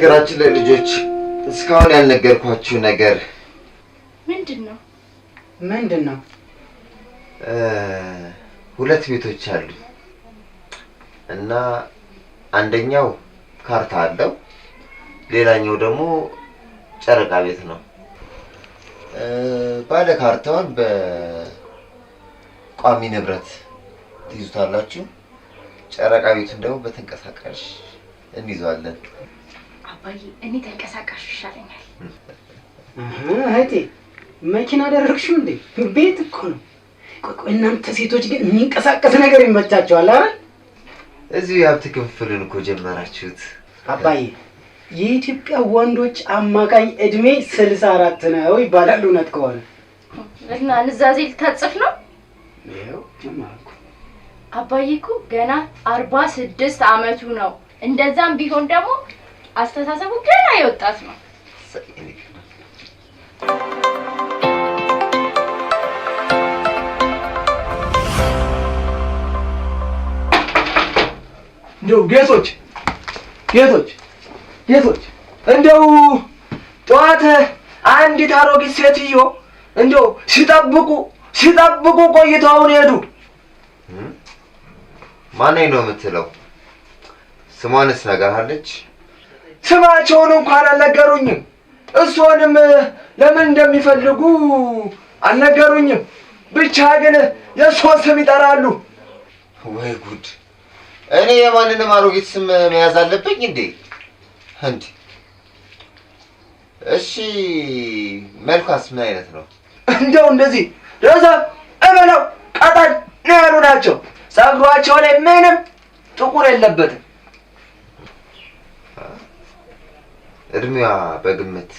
በነገራችን ላይ ልጆች እስካሁን ያልነገርኳችሁ ነገር ምንድን ነው? ምንድን ነው? ሁለት ቤቶች አሉ እና አንደኛው ካርታ አለው፣ ሌላኛው ደግሞ ጨረቃ ቤት ነው። ባለ ካርታውን በቋሚ ንብረት ትይዙታላችሁ፣ ጨረቃ ቤቱን ደግሞ በተንቀሳቃሽ እንይዘዋለን። አባዬ፣ እኔ ተንቀሳቃሽ ይሻለኛል። እህቴ መኪና አደረግሽው እንዴ? ቤት እኮ ነው። እናንተ ሴቶች ግን የሚንቀሳቀስ ነገር ይመቻቸዋል። አረ እዚሁ የሀብት ክፍፍልን እኮ ጀመራችሁት። አባዬ፣ የኢትዮጵያ ወንዶች አማካኝ እድሜ ስልሳ አራት ነው ይባላል። እውነት ከሆነ እና ንዛዜ ልታጽፍ ነው። አባዬ እኮ ገና አርባ ስድስት አመቱ ነው። እንደዛም ቢሆን ደግሞ አስተሳሰቡ ገና የወጣት ነው። እንደው ጌቶች ጌቶች ጌቶች እንደው ጠዋት አንዲት አሮጊት ሴትዮ እንደው ሲጠብቁ ሲጠብቁ ቆይተውን ሄዱ። ማን ነው የምትለው? ስሟንስ ነገር አለች? ስማቸውን እንኳን አልነገሩኝም። እሱንም ለምን እንደሚፈልጉ አልነገሩኝም። ብቻ ግን የእሱን ስም ይጠራሉ። ወይ ጉድ! እኔ የማንንም አሮጊት ስም መያዝ አለብኝ እንዴ? እንዴ! እሺ፣ መልኳስ ምን አይነት ነው? እንደው እንደዚህ ረዛ እበለው ቀጠን ነው ያሉ ናቸው። ጸጉሯቸው ላይ ምንም ጥቁር የለበትም። እድሜዋ በግምት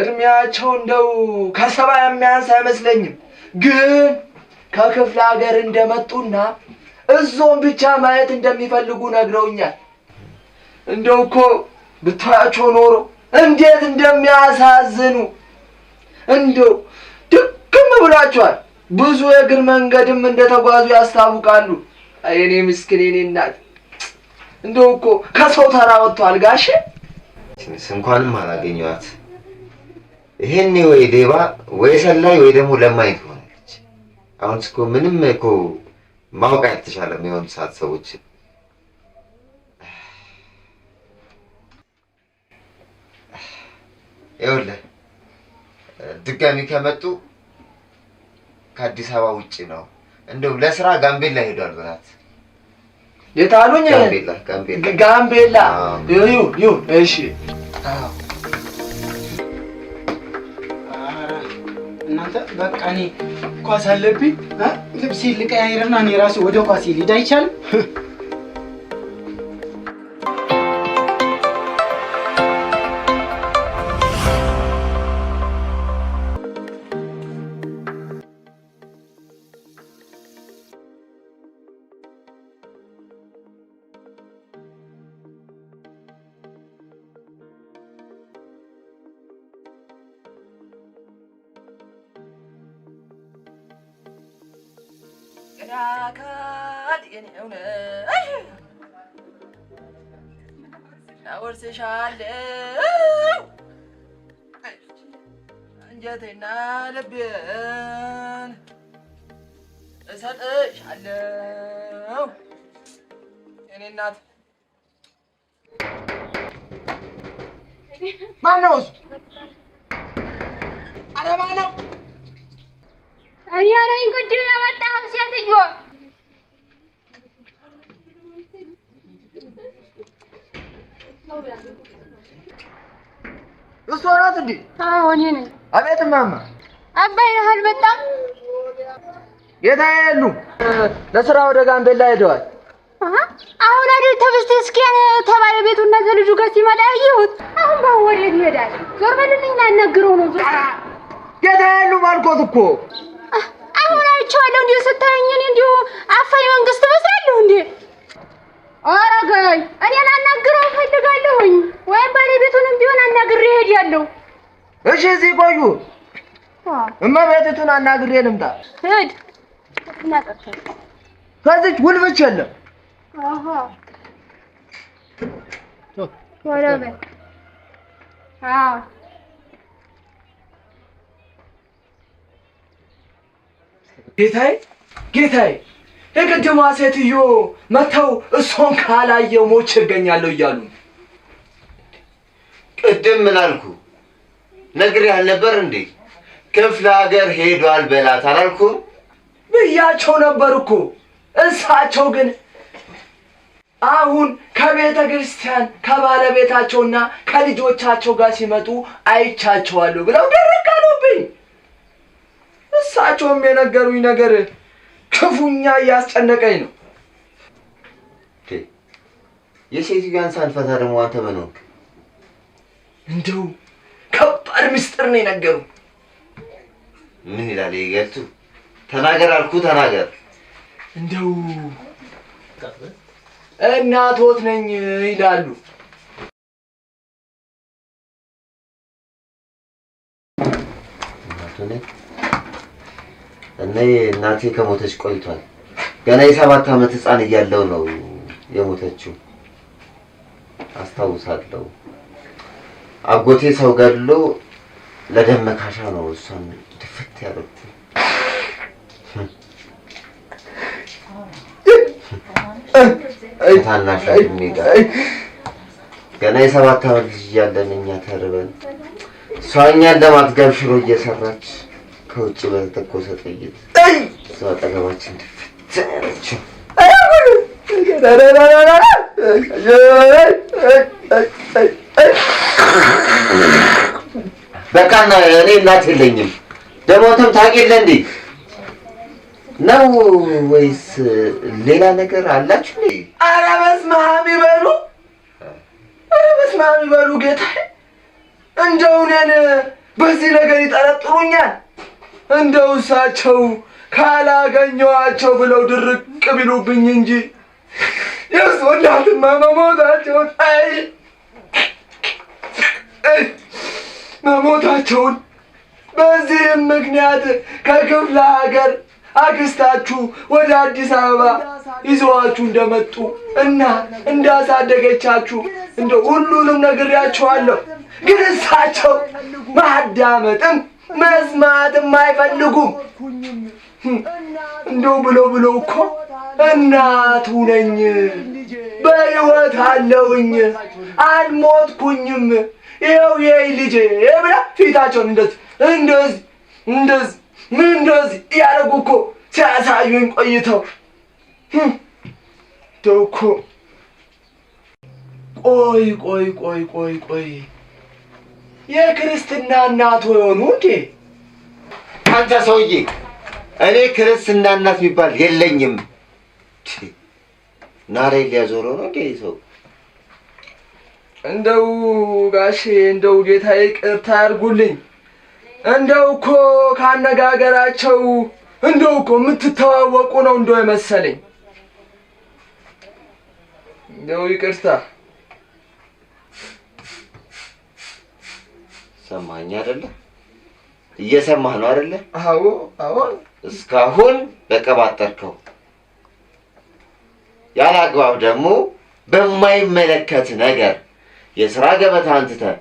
እድሜያቸው እንደው ከሰባ የሚያንስ አይመስለኝም። ግን ከክፍለ ሀገር እንደመጡና እዞን ብቻ ማየት እንደሚፈልጉ ነግረውኛል። እንደው እኮ ብታያቸው ኖሮ እንዴት እንደሚያሳዝኑ እንደው ድክም ብሏቸዋል። ብዙ የእግር መንገድም እንደተጓዙ ያስታውቃሉ። የኔ ምስክን የኔ እናት እንደው እኮ ከሰው ተራ ወጥቷል ጋሼ። እንኳንም አላገኘኋት። ይሄን ወይ ሌባ ወይ ሰላይ ወይ ደግሞ ለማኝ ትሆናለች። አሁን እኮ ምንም እኮ ማወቅ አልተቻለም። የሆኑ ሰዓት ሰዎች ይኸውልህ ድጋሚ ከመጡ ከአዲስ አበባ ውጭ ነው። እንደው ለስራ ጋምቤላ ሄዷል ብላት የት አሉኝ? ጋምቤላ። እሺ እናንተ በቃ እኔ ኳስ አለብኝ። ልብሴ ልቀያይርና እኔ ራሴ ወደ ኳስ ሊሄድ አይቻልም። እሰጥሻለሁ የእኔ እናት። ማነው እሱ ኧረ ማነው? እኔ ነኝ ቅድም የመጣው ሴትዮ። እሷ ናት እንዴ? አዎ እኔ ነኝ። አቤት ማማ። አባይ ያህል አልመጣም የት የሉም። ለስራ ወደ ጋምቤላ ሄደዋል። አሁን አይደል ተበስተ እስኪያን ተባለ ቤቱና ልጁ ጋር ሲመጣ ያየሁት። አሁን ባሁን ወዴት ይሄዳል? ዞር በልልኝ ላናግረው ነው። ዞር የት የሉም አልኮት እኮ አሁን አይቼዋለሁ። እንዲሁ ስታየኝ እንዲሁ አፋኝ መንግስት መስላለሁ እንዴ? ኧረ ገይ እኔ ላናግረው እፈልጋለሁኝ። ወይም ባለቤቱንም ቢሆን አናግሬ እሄዳለሁ። እሺ እዚህ ቆዩ፣ እመቤትቱን አናግሬ ልምጣ። ሂድ ከዚች ጉልብች የለም። ጌታዬ ጌታዬ፣ የቅድሟ ሴትዮ መተው እሷን ካላየው ሞቼ እገኛለሁ እያሉ ቅድም ምን አልኩ? ያልነበር እንዴ? ክፍለ ሀገር ሄዷል በላት አላልኩም? ብያቸው ነበር እኮ። እሳቸው ግን አሁን ከቤተ ክርስቲያን ከባለቤታቸውና ከልጆቻቸው ጋር ሲመጡ አይቻቸዋለሁ ብለው ደረቅ አሉብኝ። እሳቸውም የነገሩኝ ነገር ክፉኛ እያስጨነቀኝ ነው። የሴትዮዋን ሳልፈታ ደግሞ አንተ ምን ሆንክ? እንደው ከባድ ምስጢር ነው የነገሩ። ምን ይላል ይገልቱ? ተናገር አልኩ ተናገር። እንደው እናቶት ነኝ ይላሉ። እኔ እናቴ ከሞተች ቆይቷል። ገና የሰባት ዓመት ህፃን እያለው ነው የሞተችው አስታውሳለሁ። አጎቴ ሰው ገድሎ ለደም መካሻ ነው እሷን ድፍት ያደረኩት። ታናሽ ወንድሜ ጋር ገና የሰባት ዓመት ልጅ እያለን እኛ ተርበን እሷ እኛን ለማጥገብ ሽሮ እየሰራች ከውጭ በተተኮሰ ጥይት እሷ አጠገባችን ትፍት ያለችው በቃና እኔ እናት የለኝም ደግሞ አንተም የለ እንዴ ነው ወይስ ሌላ ነገር አላችሁ? ኧረ በስመ አብ ይበሉ፣ ኧረ በስመ አብ ይበሉ። ጌታ እንደው እኔን በዚህ ነገር ይጠረጥሩኛል። እንደው እሳቸው ካላገኘኋቸው ብለው ድርቅ ቢሉብኝ እንጂ የእሱ እናትማ መሞታቸውን አይ መሞታቸውን በዚህም ምክንያት ከክፍለ ሀገር አክስታችሁ ወደ አዲስ አበባ ይዘዋችሁ እንደመጡ እና እንዳሳደገቻችሁ እንደ ሁሉንም ነግሬያችኋለሁ። ግን እሳቸው ማዳመጥም መስማትም አይፈልጉም። እንደው ብሎ ብሎ እኮ እናቱ ነኝ፣ በሕይወት አለውኝ አልሞትኩኝም፣ ይኸው የይ ልጄ ብላ ፊታቸውን እንደዚህ እንደዚህ እንደዚህ እንደዚህ እያደረጉ እኮ ሲያሳዩኝ ቆይተው እንደው ቆይ ቆይ ቆይ ቆይ ቆይ የክርስትና እናት ሆኑ እንዴ? አንተ ሰውዬ እኔ ክርስትና እናት የሚባል የለኝም። ናሬ ሊያዞረ ነው እንዴ ሰው? እንደው ጋሼ እንደው ጌታዬ ይቅርታ ያድርጉልኝ። እንደው እኮ ካነጋገራቸው እንደው እኮ የምትተዋወቁ ነው እንደው የመሰለኝ። እንደው ይቅርታ ሰማኝ አይደለ? እየሰማህ ነው አይደለ? አዎ፣ አዎ። እስካሁን በቀባጠርከው ያለ አግባብ ደግሞ በማይመለከት ነገር የስራ ገበታ ትተህ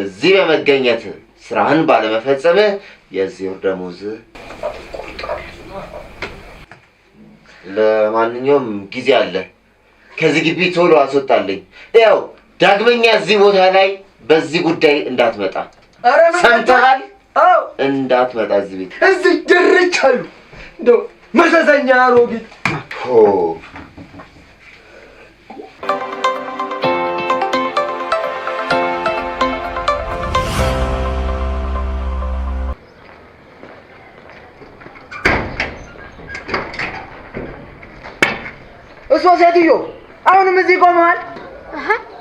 እዚህ በመገኘት ስራህን ባለመፈጸምህ የዚህ ወር ደሞዝ ለማንኛውም ጊዜ አለ። ከዚህ ግቢ ቶሎ አስወጣልኝ። ያው ዳግመኛ እዚህ ቦታ ላይ በዚህ ጉዳይ እንዳትመጣ ሰምተሃል? እንዳትመጣ እዚህ ቤት እዚህ ድርቻሉ አሉ እንደው መሰሰኛ አሮጊት ሴትዮ አሁንም እዚህ ቆመዋል።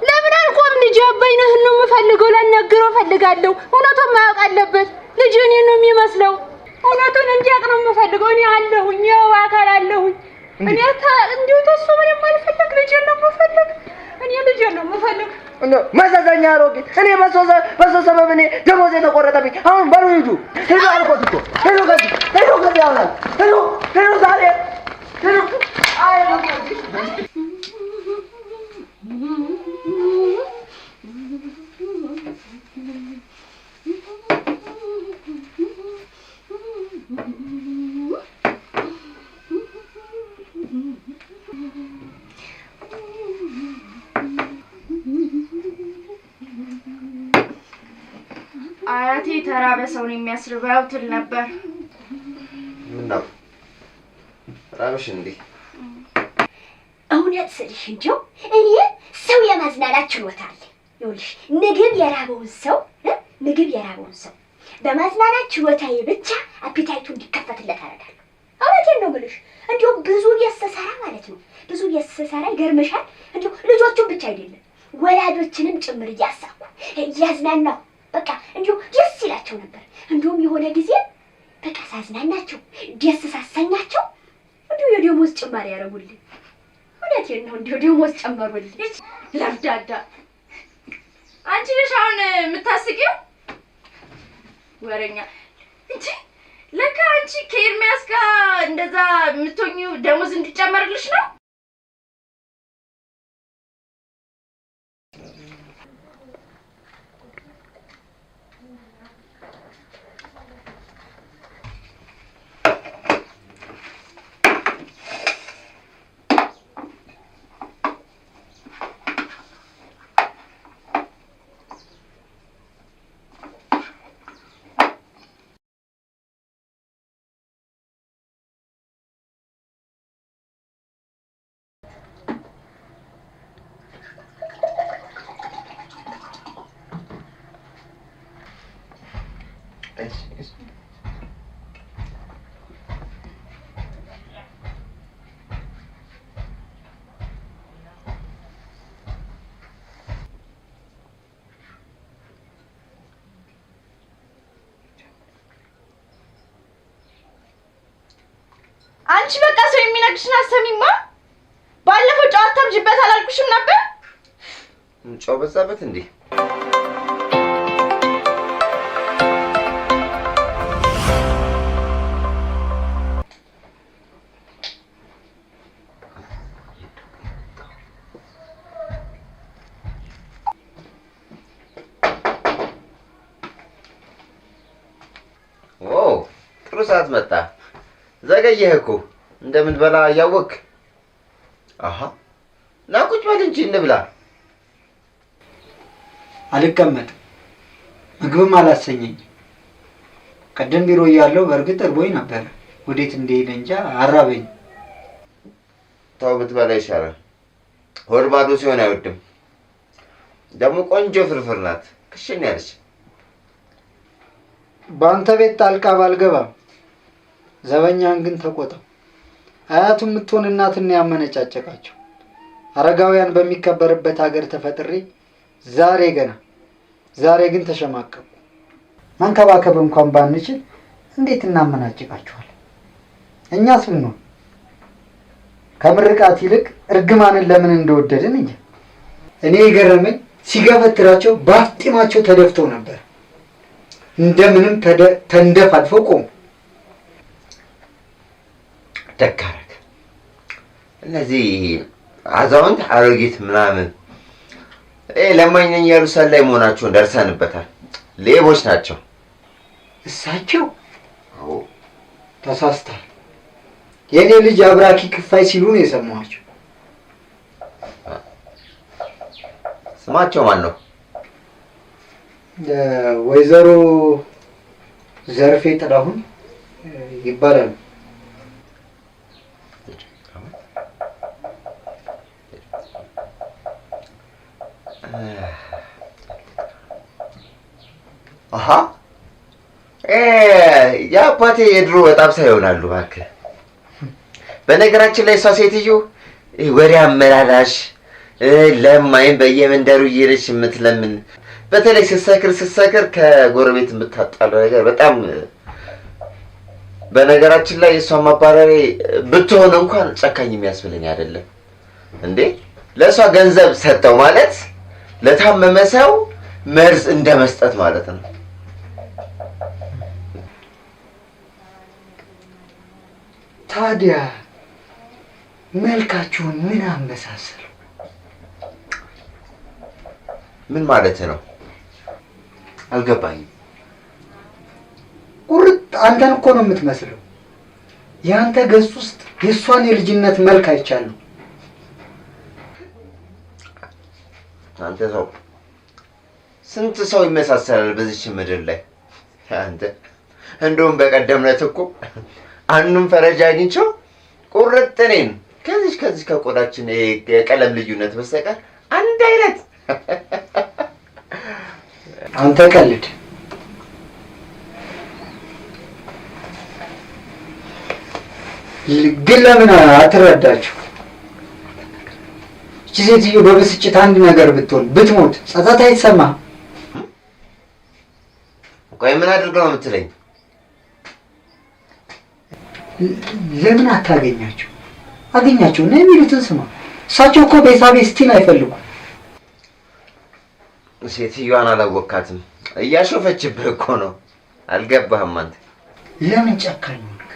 ለምን አልቆም? ልጅ አባይ ነህን ነው የምፈልገው። ላናግረው እፈልጋለሁ። እውነቱን ማወቅ አለበት። ልጅ እኔ ነው የሚመስለው። እውነቱን እንዲያውቅ ነው የምፈልገው። እኔ አለሁኝ፣ ያው አካል አለሁኝ። እኔ እንዲሁ ተሱ ምን የማልፈልግ ልጅ ነው የምፈልግ እኔ ልጅ ነው የምፈልግ። መዘዘኛ አሮጊት እኔ በሶ ሰበብ እኔ ደሞዝ የተቆረጠብኝ። አሁን በሉ ሂዱ፣ ሂዱ፣ አልቆት እኮ ሂዱ፣ ከዚህ ሂዱ፣ ከዚህ አሁን የሚያስርበው ትል ነበር። ምን ነው ራበሽ እንዴ? እውነት ስልሽ እንዲያው እኔ ሰው የማዝናናት ችሎታ አለ። ይኸውልሽ ምግብ የራበውን ሰው ምግብ የራበውን ሰው በማዝናናት ችሎታዬ ብቻ አፒታይቱ እንዲከፈትለት አደርጋለሁ። እውነቴን ነው የምልሽ። እንዲሁም ብዙ ቤት ማለት ነው ብዙ ቤት ይገርምሻል፣ እንዲሁ ልጆቹን ብቻ አይደለም ወላጆችንም ጭምር እያሳኩ እያዝናናሁ በቃ እንዲሁ ደስ ይላቸው ነበር። እንዲሁም የሆነ ጊዜ በቃ ሳዝናናቸው ደስ ሳሰኛቸው እንዲሁ የደሞዝ ጭማሪ ያደረጉልኝ። እውነቴን ነው፣ እንዲሁ ደሞዝ ጨመሩልኝ። ለርዳዳ አንቺ ነሽ አሁን የምታስቂው ወረኛ እንጂ ለካ አንቺ ከኤርሚያስ ጋር እንደዛ የምትሆኚው ደሞዝ እንዲጨመርልሽ ነው አንቺ በቃ ሰው የሚነግርሽን አሰሚማ። ባለፈው ጨዋታ ታብጅበት አላልኩሽም ነበር? ጨው በዛበት እንዴ? ጥሩ ሰዓት መጣ። ዘገየህ እኮ እንደምንበላ እያወክ። አሀ ና ቁጭ በል እንጂ እንብላ። አልቀመጥም፣ ምግብም አላሰኘኝ። ቀደም ቢሮ እያለሁ በእርግጥ እርቦኝ ነበረ። ወዴት እንደሄደ እንጃ አራበኝ። ተው ብትበላ ይሻላል። ሆድ ባዶ ሲሆን አይወድም። ደግሞ ቆንጆ ፍርፍር ናት፣ ክሽን ያለች። በአንተ ቤት ጣልቃ ባልገባም ዘበኛን ግን ተቆጠው። አያቱ የምትሆን እናትን ያመነጫጨቃቸው። አረጋውያን በሚከበርበት ሀገር ተፈጥሬ ዛሬ ገና ዛሬ ግን ተሸማቀቁ። መንከባከብ እንኳን ባንችል እንዴት እናመናጭቃችኋል? እኛስ ብንሆን ከምርቃት ይልቅ እርግማንን ለምን እንደወደድን እንጂ እኔ የገረመኝ ሲገፈትራቸው በአፍጢማቸው ተደፍተው ነበር። እንደምንም ተንደፍ አልፈው ቆሙ። ደካረክ እነዚህ አዛውንት አሮጊት ምናምን ለማኝ ነኝ ያሉ ሰላይ መሆናቸውን ደርሰንበታል። ሌቦች ናቸው እሳቸው። ተሳስታል። የእኔ ልጅ አብራኪ ክፋይ ሲሉ ነው የሰማኋቸው። ስማቸው ማን ነው? ወይዘሮ ዘርፌ ጥላሁን ይባላሉ። የአባቴ የድሮ በጣም ሰው ይሆናሉ። እባክህ በነገራችን ላይ እሷ ሴትዮ ወሬ አመላላሽ ለማይም በየመንደሩ እየሄደች የምትለምን በተለይ ስትሰክር ስትሰክር ከጎረቤት የምታጣለው ነገር በጣም በነገራችን ላይ እሷ ማባረሬ ብትሆን እንኳን ጨካኝ የሚያስብልኝ አይደለም እንዴ። ለእሷ ገንዘብ ሰጠው ማለት ለታመመ ሰው መርዝ እንደ መስጠት ማለት ነው። ታዲያ መልካችሁን ምን አመሳሰሉ? ምን ማለት ነው? አልገባኝም። ቁርጥ አንተን እኮ ነው የምትመስለው። የአንተ ገጽ ውስጥ የእሷን የልጅነት መልክ አይቻለሁ። አንተ ሰው ስንት ሰው ይመሳሰላል በዚች ምድር ላይ አንተ። እንደውም በቀደም ዕለት እኮ አንዱን ፈረጃ አግኝቼው ቁርጥ እኔን ከዚህ ከዚህ ከቆዳችን የቀለም ልዩነት በስተቀር አንድ አይነት። አንተ ቀልድ ግን ለምን አትረዳችሁ? እቺ ሴትዮ በብስጭት አንድ ነገር ብትሆን ብትሞት ጸጸት አይሰማ። ቆይ ምን አድርገ ነው የምትለኝ? ለምን አታገኛቸው? አገኛቸው ነ የሚሉትን ስማ። እሳቸው እኮ ስቲን አይፈልጉም። ሴትዮዋን አላወካትም። እያሾፈችብህ እኮ ነው። አልገባህም አንተ። ለምን ጨካኝ ሆንክ?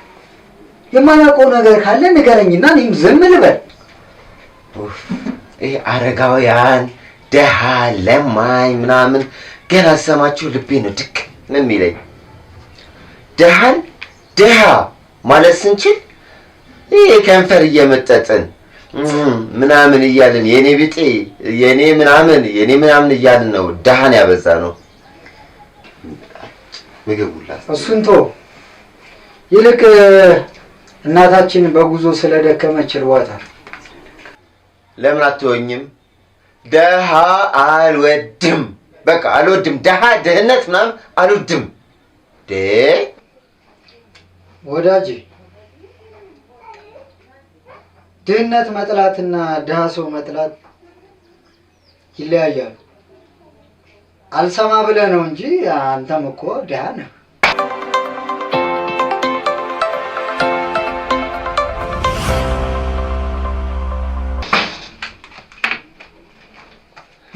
የማላውቀው ነገር ካለ ንገረኝና እኔም ዝም ልበል። ይሄ አረጋውያን ደሃ ለማኝ ምናምን ገና ሰማችሁ ልቤ ነው ድክ ነው የሚለኝ። ደሃን ደሃ ማለት ስንችል ይሄ ከንፈር እየመጠጥን ምናምን እያልን የኔ ቢጤ የኔ ምናምን የኔ ምናምን እያልን ነው ደሃን ያበዛ ነው። ምግብ ሁላ እሱን ቶ ይልቅ እናታችን በጉዞ ስለደከመች እርቧታል። ለምን ደሃ አልወድም፣ በቃ አልወድም። ደሃ ድህነት ምናምን አልወድም። ዴ ወዳጄ ድህነት መጥላትና ድሃ ሰው መጥላት ይለያያሉ። አልሰማ ብለህ ነው እንጂ አንተም እኮ ድሃ ነህ።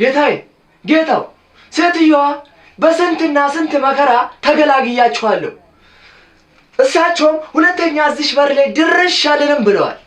ጌታዬ ጌታው ሴትዮዋ በስንትና ስንት መከራ ተገላግያችኋለሁ። እሳቸውም ሁለተኛ እዚሽ በር ላይ ድርሽ አልልም ብለዋል።